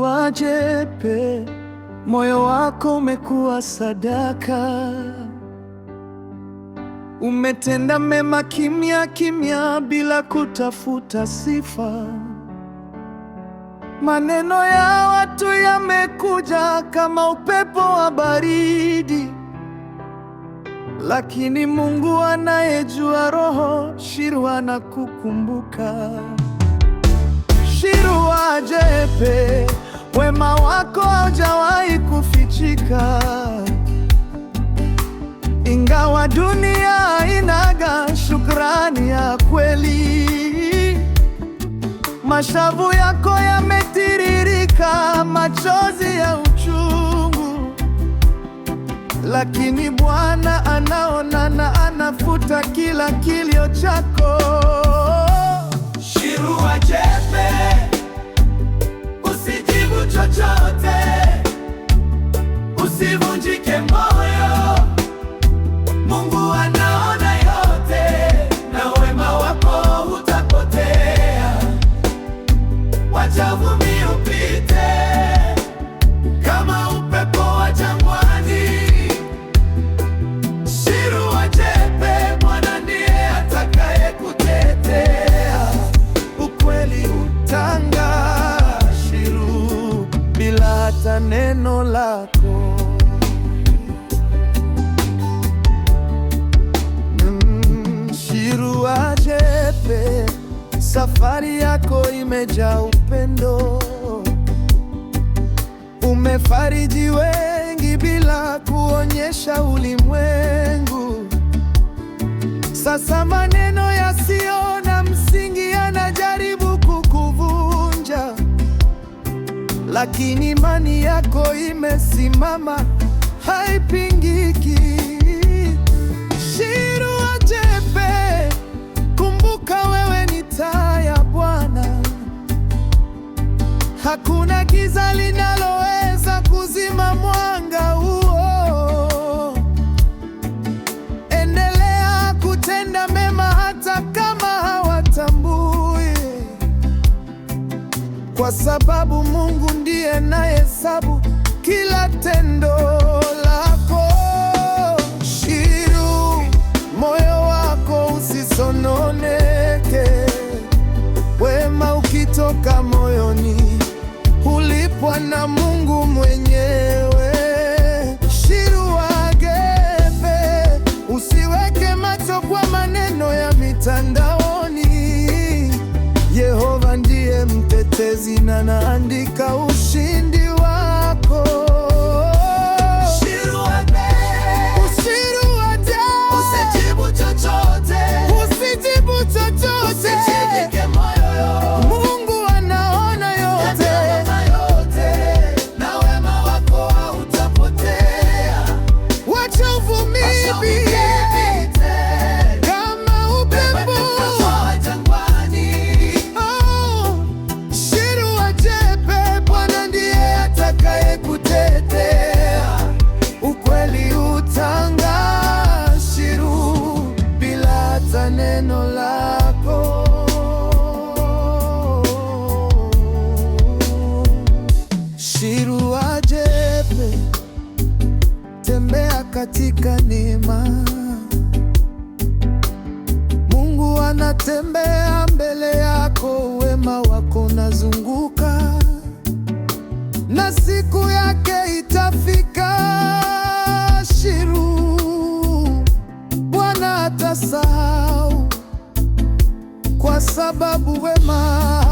wa jepe, moyo wako umekuwa sadaka. Umetenda mema kimya kimya, bila kutafuta sifa. Maneno ya watu yamekuja kama upepo wa baridi, lakini Mungu anayejua roho, Shirua anakukumbuka wa jepe, wema wako haujawahi kufichika, ingawa dunia inaga shukrani ya kweli. Mashavu yako yametiririka machozi ya uchungu, lakini Bwana anaona na anafuta kila kilio chako. usivunjike moyo, Mungu anaona yote na wema wako utapotea. Wacha uvumi upite kama upepo wa jangwani, shiru wa jepe, Bwana ndiye atakaye kutetea. Ukweli utanga shiru bila hata neno la Safari yako imejaa upendo, umefariji wengi bila kuonyesha ulimwengu. Sasa maneno yasiyo na msingi yanajaribu kukuvunja, lakini imani yako imesimama haipi Hakuna giza linaloweza kuzima mwanga huo. Endelea kutenda mema hata kama hawatambui, kwa sababu Mungu ndiye anayehesabu kila tendo lako. Shiru moyo wako usisononeke, wema ukitoka moyoni Bwana Mungu mwenyewe shiruwagepe, usiweke macho kwa maneno ya mitandaoni. Yehova ndiye mtetezi na naandika ushindi neno lako shiru ajepe tembea katika neema Mungu anatembea sababu wema